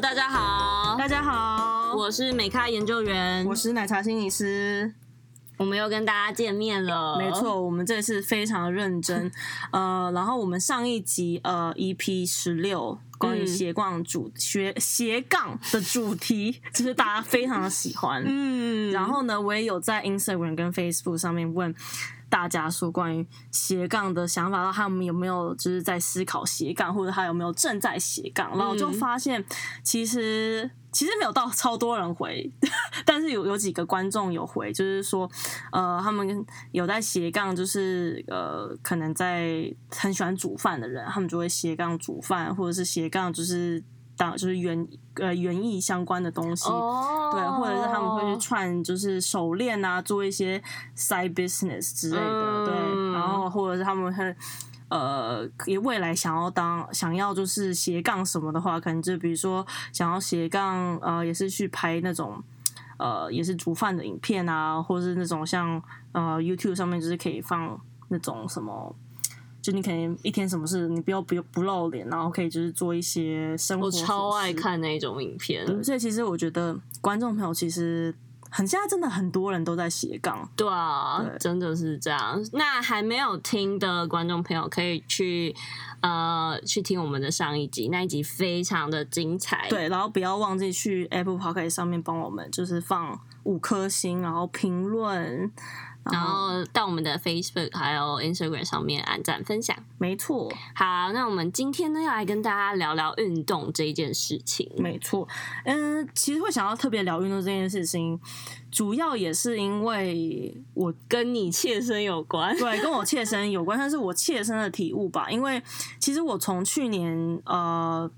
大家好，大家好，我是美咖研究員，我是奶茶心理師，我們又跟大家見面了。沒錯，我們這次非常認真。 呃，然後我們上一集呃 EP 16關於斜槓主學斜槓的主題， 就是大家非常的喜歡。 嗯，然後呢，我也有在 Instagram 跟 Facebook 上面問。大家說關於斜槓的想法，那他們有沒有就是在思考斜槓，或者他有沒有正在斜槓？嗯，然後就發現，其實其實沒有到超多人回，但是有有幾個觀眾有回，就是說，呃，他們有在斜槓，就是呃，可能在很喜歡煮飯的人，他們就會斜槓煮飯，或者是斜槓就是。當就是園呃園藝相關的東西，oh. 對，或者是他們會去串，就是手鏈啊，做一些 side business 之類的，對，um. 然後或者是他們很呃也未來想要當想要就是斜槓什麼的話，可能就比如說想要斜槓呃也是去拍那種呃也是煮飯的影片啊，或者是那種像呃 YouTube 上面就是可以放那種什麼。就你可能一天什麼事，你不要不不露臉，然後可以就是做一些生活。我超愛看那一種影片，所以其實我覺得觀眾朋友其實很現在真的很多人都在斜槓，對啊，對真的是這樣。那還沒有聽的觀眾朋友可以去呃去聽我們的上一集，那一集非常的精彩。對，然後不要忘記去 Apple Podcast 上面幫我們就是放五顆星，然後評論。然後到我們的 Facebook 還有 Instagram 上面按讚分享沒錯，沒錯。好，那我們今天呢要來跟大家聊聊運動這一件事情，沒錯。嗯，其實會想要特別聊運動這件事情，主要也是因為我跟你切身有關，對，跟我切身有關， 但是我切身的體悟吧。因為其實我從去年呃，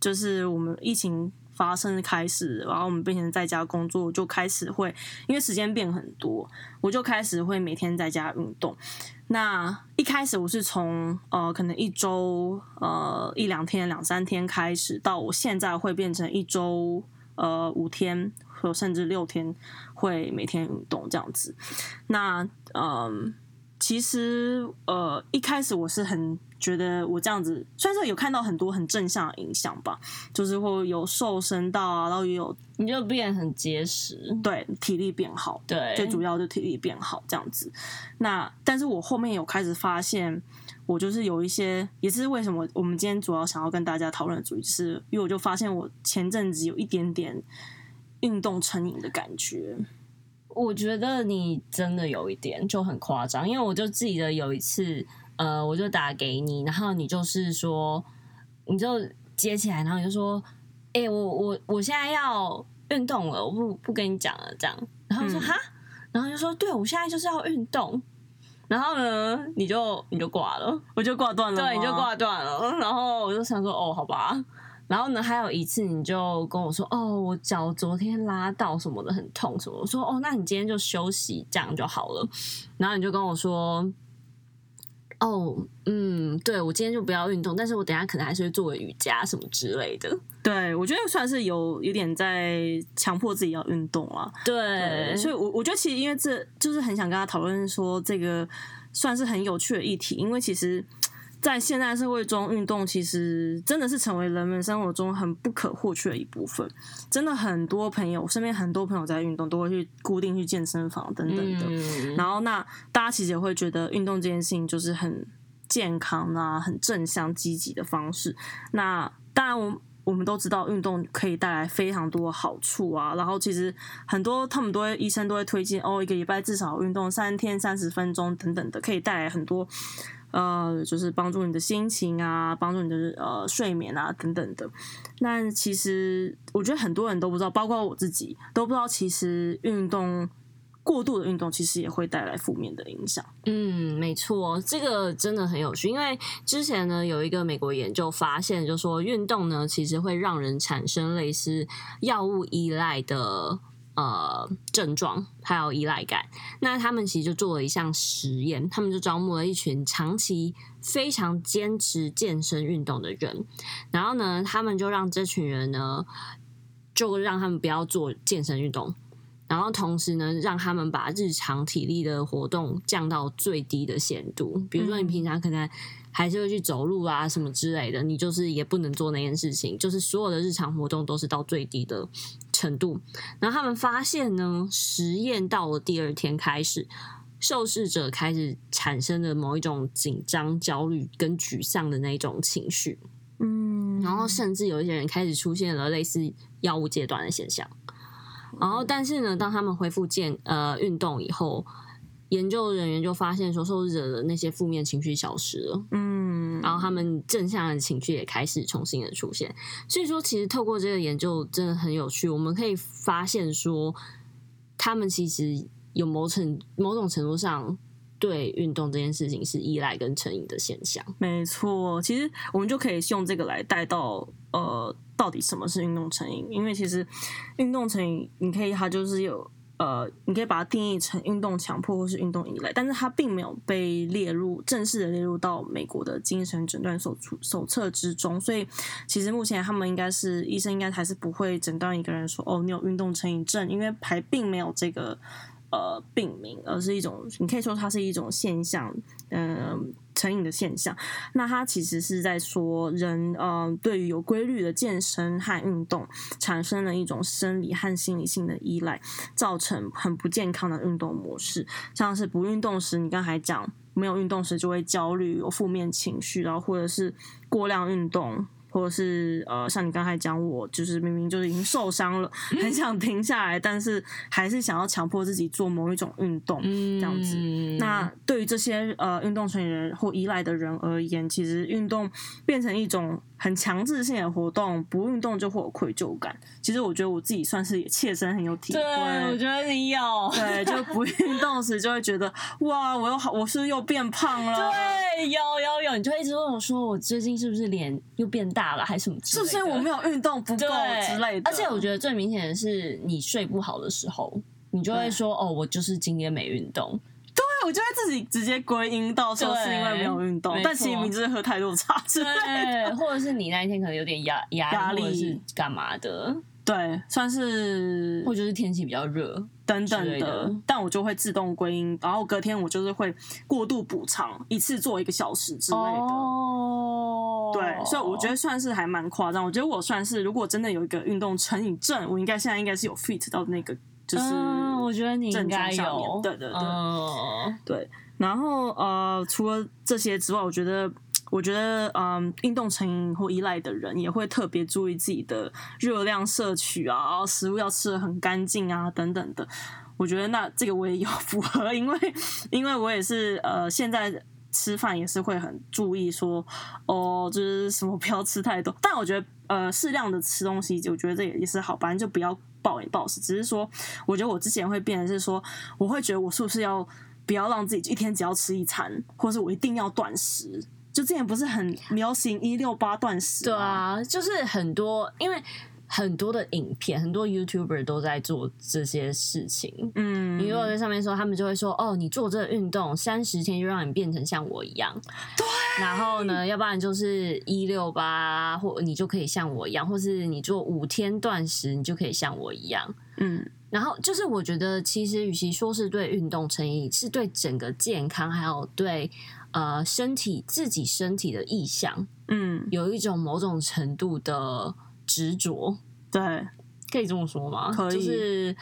就是我們疫情。發生開始，然後我們變成在家工作，就開始會，因為時間變很多，我就開始會每天在家運動。那一開始我是從呃可能一週呃一兩天兩三天開始，到我現在會變成一週呃五天或甚至六天會每天運動這樣子。那嗯、呃，其實呃一開始我是很。覺得我這樣子，雖然說有看到很多很正向的影響吧，就是會有瘦身到啊，然後也有你就變很結實，對，體力變好，對，最主要就體力變好這樣子。那但是我後面有開始發現，我就是有一些，也是為什麼我們今天主要想要跟大家討論主題，就是因為我就發現我前陣子有一點點運動成癮的感覺。我覺得你真的有一點就很誇張，因為我就記得有一次。呃，我就打給你，然後你就是說，你就接起來，然後你就說，欸，我我我現在要運動了，我不不跟你講了，這樣。然後說哈，嗯，然後就說，對，我現在就是要運動。然後呢，你就你就掛了，我就掛斷了，對，你就掛斷了。然後我就想說，哦，好吧。然後呢，還有一次，你就跟我說，哦，我腳昨天拉到什麼的很痛，什麼的。我說，哦，那你今天就休息，這樣就好了。然後你就跟我說。哦，oh，嗯，對，我今天就不要運動，但是我等一下可能還是會做個瑜伽什麼之類的。對，我覺得算是有有點在強迫自己要運動了啊。對，對，所以我，我我覺得其實因為這就是很想跟他討論說這個算是很有趣的議題，因為其實。在現代社會中，運動其實真的是成為人們生活中很不可或缺的一部分。真的，很多朋友身邊很多朋友在運動，都會去固定去健身房等等的。然後，那大家其實也會覺得運動這件事情就是很健康啊，很正向、積極的方式。那當然，我我們都知道運動可以帶來非常多好處啊。然後，其實很多他們都會醫生都會推薦哦，一個禮拜至少運動三天，三十分鐘等等的，可以帶來很多。呃，就是幫助你的心情啊，幫助你的呃睡眠啊、等等的。那其實我覺得很多人都不知道，包括我自己都不知道，其實運動過度的運動其實也會帶來負面的影響。嗯，沒錯，這個真的很有趣。因為之前呢，有一個美國研究發現，就是說運動呢其實會讓人產生類似藥物依賴的，呃，症狀還有依賴感。那他們其實就做了一項實驗，他們就招募了一群長期非常堅持健身運動的人，然後呢，他們就讓這群人呢，就讓他們不要做健身運動，然後同時呢，讓他們把日常體力的活動降到最低的限度。比如說，你平常可能還是會去走路啊什麼之類的，你就是也不能做那件事情，就是所有的日常活動都是到最低的。程度，然後他們發現呢，實驗到了第二天開始，受試者開始產生了某一種緊張、焦慮跟沮喪的那種情緒，嗯，然後甚至有一些人開始出現了類似藥物戒斷的現象，然後但是呢，當他們恢復健呃運動以後。研究人員就發現說，受試者的那些負面情緒消失了，嗯，然後他們正向的情緒也開始重新的出現。所以說，其實透過這個研究真的很有趣，我們可以發現說，他們其實有某程某種程度上對運動這件事情是依賴跟成癮的現象。沒錯，其實我們就可以用這個來帶到呃，到底什麼是運動成癮？因為其實運動成癮，你可以它就是有。呃，你可以把它定義成運動強迫或是運動依賴，但是它並沒有被列入正式的列入到美國的精神診斷手手手冊之中，所以其實目前他們應該是醫生應該還是不會診斷一個人說哦，你有運動成癮症，因為還並沒有這個。呃，病名，而是一種，你可以說它是一種現象，嗯、呃，成癮的現象。那它其實是在說人，人呃，對於有規律的健身和運動產生了一種生理和心理性的依賴，造成很不健康的運動模式。像是不運動時，你剛才講，沒有運動時就會焦慮、有負面情緒，然後或者是過量運動。或者是呃，像你剛才講，我就是明明就是已經受傷了，很想停下來，但是還是想要強迫自己做某一種運動這樣子。嗯。那對於這些呃運動成癮或依賴的人而言，其實運動變成一種很強制性的活動，不運動就會有愧疚感。其實我覺得我自己算是也切身很有體會。對，我覺得你有。對，就不運動時就會覺得 哇，我又好，我是不是又變胖了？對，有有有，你就一直問我說，我最近是不是臉又變大？打了還是什麼？是不是因為我沒有運動不夠之類的？對而且我覺得最明顯的是，你睡不好的時候，你就會說：“對哦，我就是今天沒運動。對”對，我就會自己直接歸因到說是因為沒有運動，對但其實明明是喝太多茶之類的，對對對，或者是你那一天可能有點壓壓力或者是幹嘛的。對，算是，或者是天氣比較熱等等的，的但我就會自動歸因，然後隔天我就是會過度補償，一次做一個小時之類的。哦，對，所以我覺得算是還蠻誇張。我覺得我算是，如果真的有一個運動成癮症，我應該現在應該是有 fit 到那個，就是、嗯、我覺得你應該有面，對對對，嗯、對。然後呃，除了這些之外，我覺得。我覺得，嗯，運動成癮或依賴的人也會特別注意自己的熱量攝取啊，食物要吃得很乾淨啊，等等的。我覺得那這個我也有符合，因為因為我也是呃，現在吃飯也是會很注意說，哦，就是什麼不要吃太多。但我覺得，呃，適量的吃東西，我覺得這也也是好，反正就不要暴飲暴食。只是說，我覺得我之前會變的是說，我會覺得我是不是要不要讓自己一天只要吃一餐，或是我一定要斷食。就之前不是很流行一六八斷食？對啊，就是很多因為很多的影片，很多 YouTuber 都在做這些事情。嗯，你如果在上面說，他們就會說哦，你做這個運動三十天就讓你變成像我一樣。對，然後呢，要不然就是一六八，或你就可以像我一樣，或是你做五天斷食，你就可以像我一樣。嗯，然後就是我覺得，其實與其說是對運動成癮，是對整個健康，還有對。呃，身體自己身體的意象，嗯，有一種某種程度的執着，對，可以這麼說嗎？可以。就是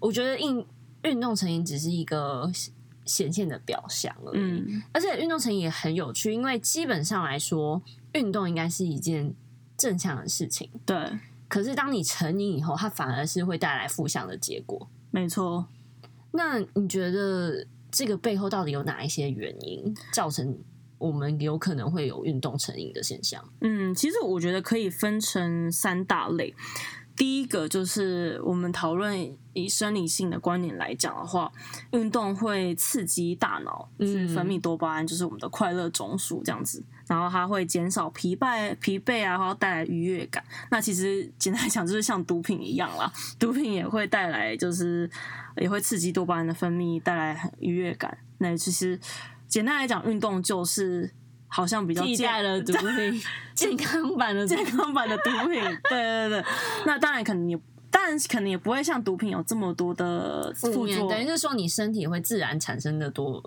我覺得運運動成癮只是一個顯現的表象而已。嗯，而且運動成癮也很有趣，因為基本上來說，運動應該是一件正向的事情，對。可是當你成癮以後，它反而是會帶來負向的結果，沒錯。那你覺得？這個背後到底有哪一些原因造成我們有可能會有運動成癮的現象？嗯，其實我覺得可以分成三大類。第一個就是我們討論以生理性的觀點來講的話，運動會刺激大腦去分泌多巴胺，就是我們的快樂中樞這樣子。然後它會減少疲憊、疲憊啊，然後帶來愉悅感。那其實簡單來講，就是像毒品一樣啦，毒品也會帶來，就是也會刺激多巴胺的分泌，帶來愉悅感。那其實簡單來講，運動就是。好像比較替代的，毒品，健康版的健康版的毒品， 對對對， 那當然可能也，但是肯定也不會像毒品有這麼多的副作用、嗯，等於是說你身體會自然產生的多。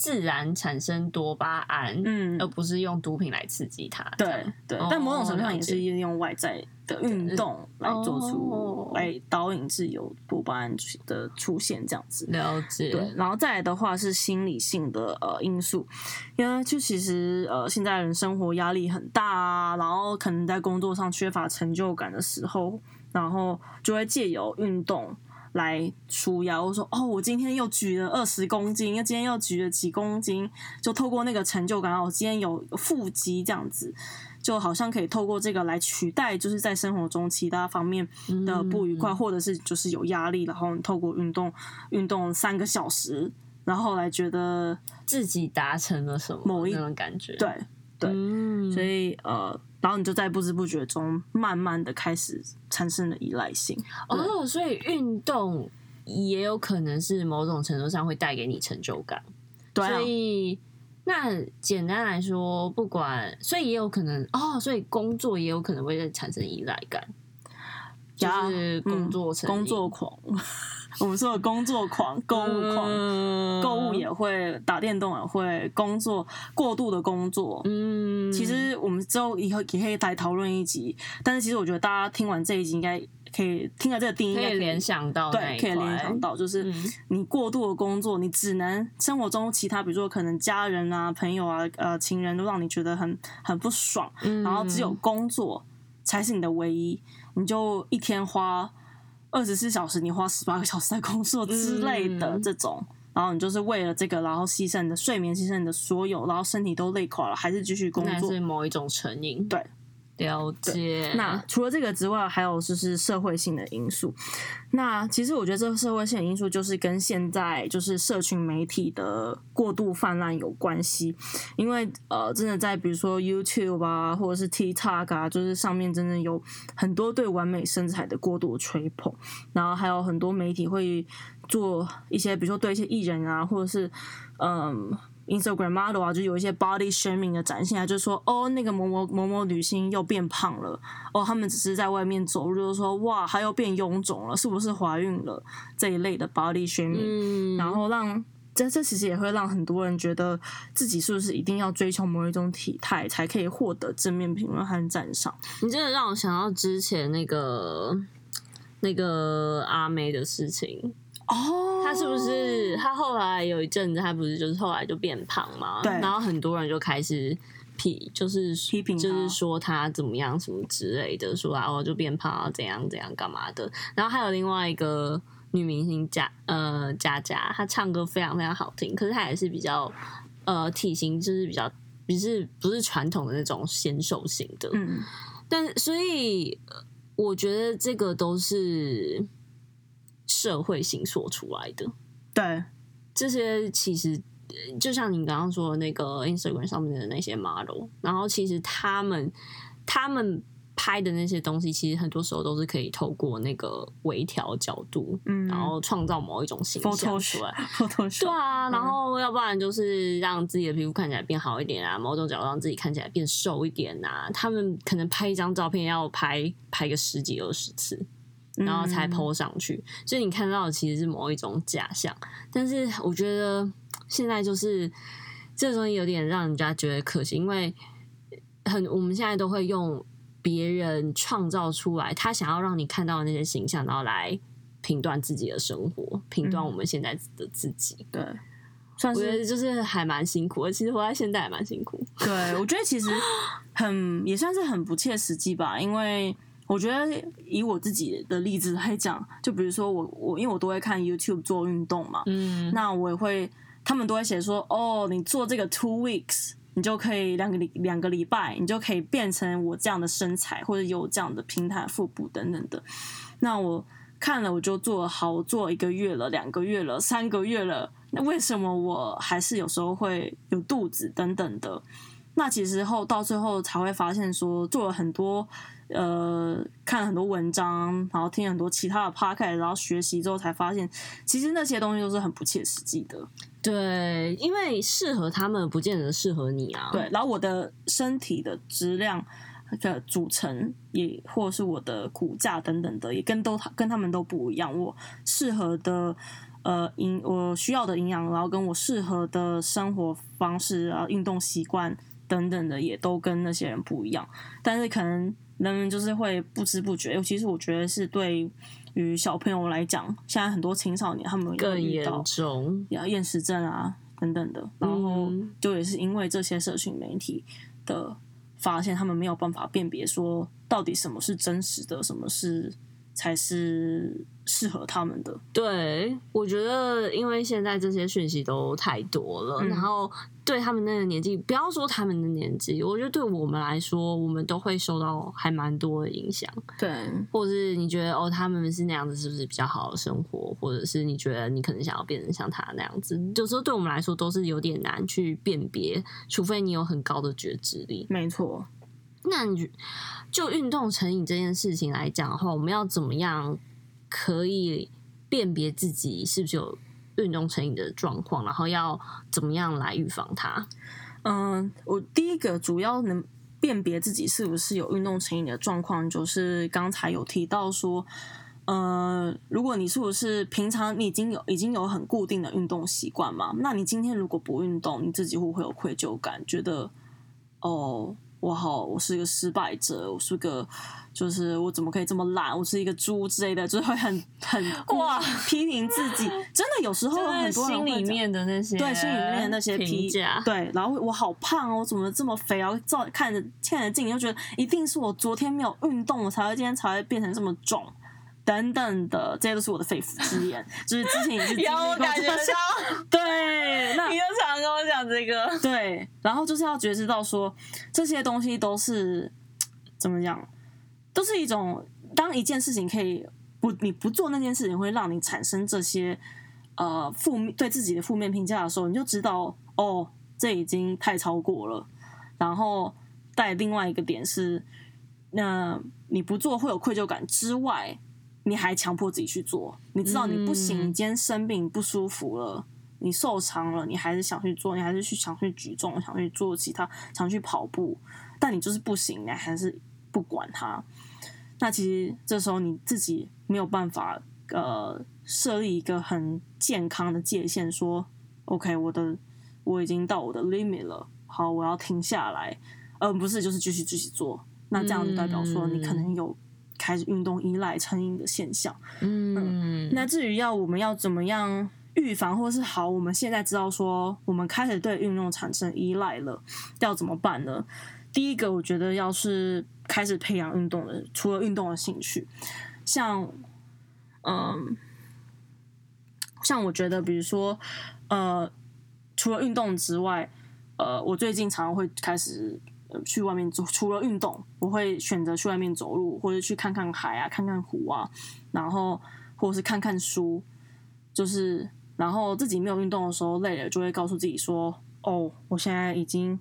自然產生多巴胺，嗯，而不是用毒品來刺激它。對對，但某種程度上也是用外在的運、嗯、動來做出，來、哦、欸、導引自由多巴胺的出現這樣子。了解。對然後再來的話是心理性的呃因素，因為就其實呃現在人生活壓力很大，啊，然後可能在工作上缺乏成就感的時候，然後就會借由運動。來出腰，我說哦，我今天又舉了二十公斤，又今天又舉了幾公斤，就透過那個成就感，哦，今天有腹肌這樣子，就好像可以透過這個來取代，就是在生活中其他方面的不愉快，嗯，或者是就是有壓力，然後你透過運動運動三個小時，然後來覺得自己達成了什麼，某一種感覺，對。對，嗯、所以呃，然後你就在不知不覺中，慢慢的開始產生了依賴性。哦，所以運動也有可能是某種程度上會帶給你成就感。對、啊、所以那簡單來說，不管，所以也有可能哦，所以工作也有可能會產生依賴感，就是工作成、嗯、工作狂。我們說的工作狂、購物狂，嗯、購物也會打電動也會工作過度的工作。嗯，其實我們之後以後也可以來討論一集。但是其實我覺得大家聽完這一集，應該可以聽了這個定義，可以聯想到對，可以聯想到就是你過度的工作，嗯、你只能生活中其他，比如說可能家人啊、朋友啊、呃、情人，都讓你覺得很很不爽。嗯、然後只有工作才是你的唯一，你就一天花。二十四小時，你花十八個小時在工作之類的這種，嗯、然後你就是為了這個，然後犧牲你的睡眠，犧牲你的所有，然後身體都累垮了，還是繼續工作？是某一種成癮，對。了解。那除了這個之外，還有就是社會性的因素。那其實我覺得這個社會性的因素就是跟現在就是社群媒體的過度泛濫有關係。因為呃，真的在比如說 YouTube 啊，或者是 TikTok 啊，就是上面真的有很多對完美身材的過度吹捧，然後還有很多媒體會做一些，比如說對一些藝人啊，或者是嗯。Instagram model 啊，就有一些 body shaming 的展現啊，就是說，哦，那個某某某某女星又變胖了，哦，他們只是在外面走路，就是說哇，她又變臃腫了，是不是懷孕了？這一類的 body shaming，嗯、然後讓這這其實也會讓很多人覺得自己是不是一定要追求某一種體態，才可以獲得正面評論和讚賞。你真的讓我想到之前那個那個阿妹的事情。哦，oh, 他是不是他後來有一陣子，他不是就是後來就變胖嘛？對然後很多人就開始批，就是批評，就是說他怎麼樣什麼之類的，說啊，我就變胖，啊，怎樣怎樣幹嘛的。然後還有另外一個女明星佳呃佳，佳，佳，她唱歌非常非常好聽，可是她也是比較呃體型就是比較不是不是傳統的那種纖瘦型的。嗯。但所以我覺得這個都是。社會形塑出來的，對，這些其實就像你剛剛說的那個 Instagram 上面的那些 model，然後其實他們他們拍的那些東西，其實很多時候都是可以透過那個微調角度，嗯，然後創造某一種形象出來 Photoshop, Photoshop, 對啊，然後要不然就是讓自己的皮膚看起來變好一點啊，某種角度讓自己看起來變瘦一點啊，他們可能拍一張照片要拍拍個十幾二十次。然後才 po 上去，嗯、所以你看到的其實是某一種假象。但是我覺得現在就是這個東西有點讓人家覺得可惜，因為很我們現在都會用別人創造出來他想要讓你看到的那些形象，然後來評斷自己的生活，評斷我們現在的自己。嗯、對，算是我覺得就是還蠻辛苦的。其實活在現在還蠻辛苦。對，我覺得其實很 也算是很不切實際吧，因為。我覺得以我自己的例子來講，就比如說我我因為我都會看 YouTube 做運動嘛，嗯，那我也會他們都會寫說哦，你做這個 two weeks，你就可以兩個禮兩個禮拜，你就可以變成我這樣的身材或者，有這樣的平坦的腹部等等的。那我看了，我就做好，我做一個月了，兩個月了，三個月了，那為什麼我還是有時候會有肚子等等的？那其實後到最後才會發現說做了很多。呃，看很多文章，然後聽很多其他的 podcast，然後學習之後才發現，其實那些東西都是很不切實際的。對，因為適合他們不見得適合你啊。對，然後我的身體的質量的組成，也或是我的骨架等等的，也跟都跟他們都不一樣。我適合的呃營，我需要的營養，然後跟我適合的生活方式啊、然後運動習慣等等的，也都跟那些人不一樣。但是可能。人們就是會不知不覺，尤其是我覺得是對於小朋友來講，現在很多青少年他們更嚴重，厭食症啊、等等的，然後就也是因為這些社群媒體的發現，他們沒有辦法辨別說到底什麼是真實的，什麼是。才是適合他們的。對，我覺得，因為現在這些訊息都太多了，嗯、然後對他們那個年紀，不要說他們的年紀，我覺得對我們來說，我們都會受到還蠻多的影響。對，或者是你覺得哦，他們是那樣子，是不是比較好的生活？或者是你覺得你可能想要變成像他那樣子？有時候對我們來說，都是有點難去辨別，除非你有很高的覺知力。沒錯。那你就運動成癮這件事情來講的話，我們要怎麼樣可以辨別自己是不是有運動成癮的狀況？然後要怎麼樣來預防它？嗯，我第一個主要能辨別自己是不是有運動成癮的狀況，就是剛才有提到說，嗯，如果你是不是平常你已經有已經有很固定的運動習慣嘛，那你今天如果不運動，你自己會不會有愧疚感，覺得哦。我好，我是一個失敗者，我是個，就是我怎麼可以這麼懶？我是一個豬之類的，就是、會很很哇 批評自己。真的有時候有很多人會講，心裡面的那些，對心裡面的那些評價，對。然後我好胖哦，我怎麼這麼肥啊？然後照看着欠着鏡，就覺得一定是我昨天沒有運動，我才會今天才會變成這麼重。等等的，這些都是我的肺腑之言， 就是之前已經經常發燒，對。那你就常跟我講這個，對。然後就是要覺知到說，這些東西都是怎麼講，都是一種。當一件事情可以不，你不做那件事情，會讓你產生這些呃負面對自己的負面評價的時候，你就知道哦，這已經太超過了。然後帶另外一個點是，那你不做會有愧疚感之外。你還強迫自己去做，你知道你不行，你今天生病不舒服了，你受傷了，你還是想去做，你還是去想去舉重，想去做其他，想去跑步，但你就是不行，你還是不管它。那其實這時候你自己沒有辦法呃設立一個很健康的界限，說 OK，我的我已經到我的 limit 了，好，我要停下來，而不是，就是繼續繼續做。那這樣就代表說你可能有。開始運動依賴成癮的現象，嗯，嗯，那至於要我們要怎麼樣預防或是好，我們現在知道說我們開始對運動產生依賴了，要怎麼辦呢？第一個，我覺得要是開始培養運動的，除了運動的興趣，像，嗯，像我覺得，比如說，呃，除了運動之外，呃，我最近常會開始。去外面走，除了運動，我會選擇去外面走路，或者去看看海啊，看看湖啊，然後或者是看看書，就是然後自己沒有運動的時候累了，就會告訴自己說：“哦，我現在已經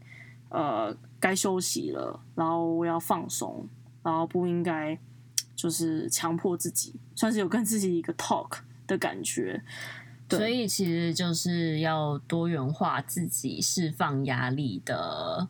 呃該休息了，然後我要放鬆，然後不應該就是強迫自己，算是有跟自己一個 talk 的感覺。”對，所以其實就是要多元化自己釋放壓力的。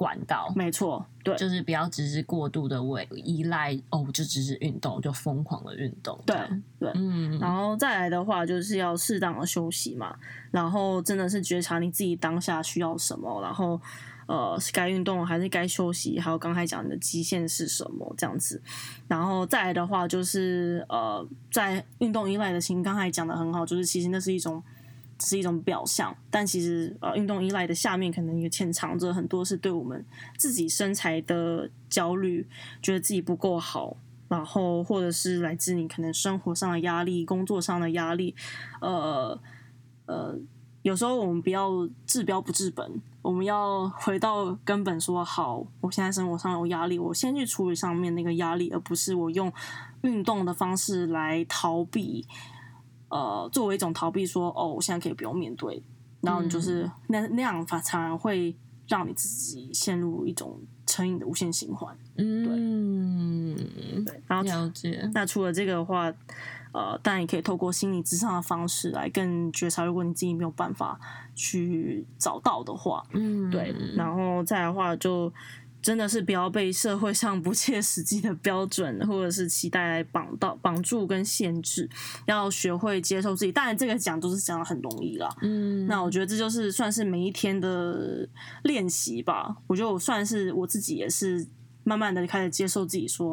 管道沒錯，對，就是不要只是過度的為依賴哦，就只是運動就瘋狂的運動，對啊、對，嗯，然後再來的話就是要適當的休息嘛，然後真的是覺察你自己當下需要什麼，然後呃是該運動還是該休息，還有剛才講的極限是什麼這樣子，然後再來的話就是呃在運動依賴的情，剛才講得很好，就是其實那是一種。是一種表象，但其實呃，運動依賴的下面可能也潛藏着很多是對我們自己身材的焦慮，覺得自己不夠好，然後或者是來自你可能生活上的壓力、工作上的壓力，呃呃，有時候我們不要治標不治本，我們要回到根本。說好，我現在生活上有壓力，我先去處理上面那個壓力，而不是我用運動的方式來逃避。呃，作為一種逃避說，說哦，我現在可以不用面對，然後你就是那、嗯、那樣反而常常會讓你自己陷入一種成癮的無限循環，對，嗯，對。然後了解，那除了這個的話，呃，當然也可以透過心理諮商的方式來更覺察，如果你自己沒有辦法去找到的話，嗯，對。然後再的話就。真的是不要被社會上不切實際的標準或者是期待來綁到、綁住跟限制，要學會接受自己。當然，這個講都是講的很容易啦。嗯，那我覺得這就是算是每一天的練習吧。我覺得我算是我自己也是慢慢的開始接受自己說，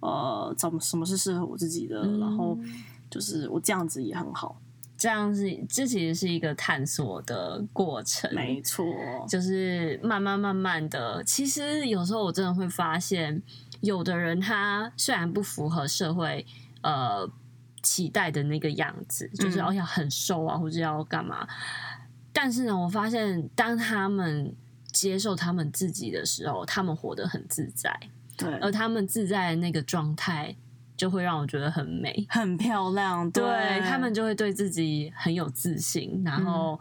說呃，怎麼什麼是適合我自己的，嗯、然後就是我這樣子也很好。這樣子，這其實是一個探索的過程，沒錯，就是慢慢慢慢的。其實有時候我真的會發現，有的人他雖然不符合社會呃期待的那個樣子，就是哦要很瘦啊，嗯、或者要幹嘛，但是呢，我發現當他們接受他們自己的時候，他們活得很自在，對，而他們自在的那個狀態。就會讓我覺得很美，很漂亮。對，對他們就會對自己很有自信，然後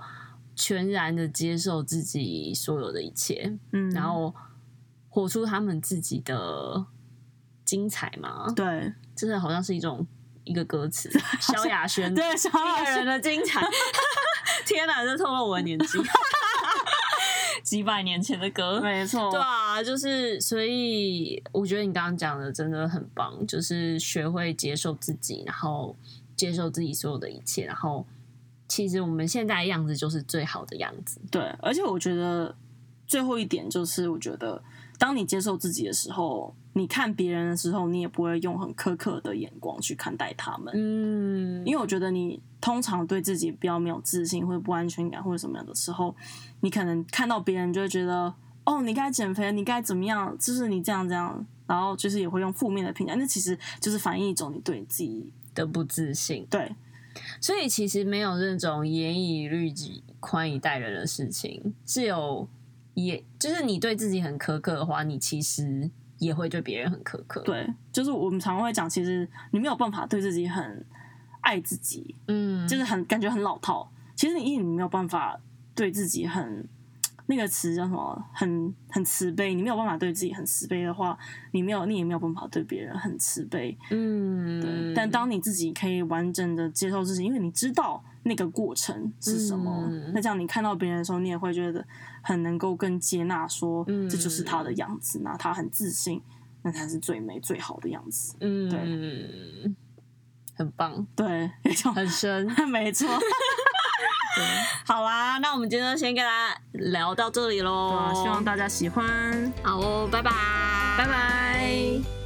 全然的接受自己所有的一切，嗯，然後活出他們自己的精彩嘛。對，真的好像是一種一個歌詞，蕭亞軒對，蕭亞軒的精彩。 天哪，這透露我的年紀， 幾百年前的歌，沒錯錯，對啊。啊，就是所以，我覺得你剛剛講的真的很棒，就是學會接受自己，然後接受自己所有的一切，然後其實我們現在的樣子就是最好的樣子。對，而且我覺得最後一點就是，我覺得當你接受自己的時候，你看別人的時候，你也不會用很苛刻的眼光去看待他們。嗯，因為我覺得你通常對自己比較沒有自信或不安全感或者什麼樣的時候，你可能看到別人就會覺得。哦、oh，你該減肥，你該怎麼樣？就是你這樣這樣，然後就是也會用負面的評價，那其實就是反映一種你對你自己的不自信。對，所以其實沒有那種嚴以律己、寬以待人的事情只有也，也就是你對自己很苛刻的話，你其實也會對別人很苛刻。對，就是我們常常會講，其實你沒有辦法對自己很愛自己，嗯，就是很感覺很老套。其實你也沒有辦法對自己很。那個詞叫什麼？很很慈悲。你沒有辦法對自己很慈悲的話，你沒有，你也沒有辦法對別人很慈悲。嗯，對。但當你自己可以完整的接受自己，因為你知道那個過程是什麼，嗯、那這樣你看到別人的時候，你也會覺得很能夠更接納，說這就是他的樣子，啊，那、嗯、他很自信，那才是最美最好的樣子。嗯，對，很棒，對，很深， 沒錯錯。 對好啊，那我們今天先跟大家聊到這裡嘍，對啊，希望大家喜歡，好哦，拜拜，拜拜。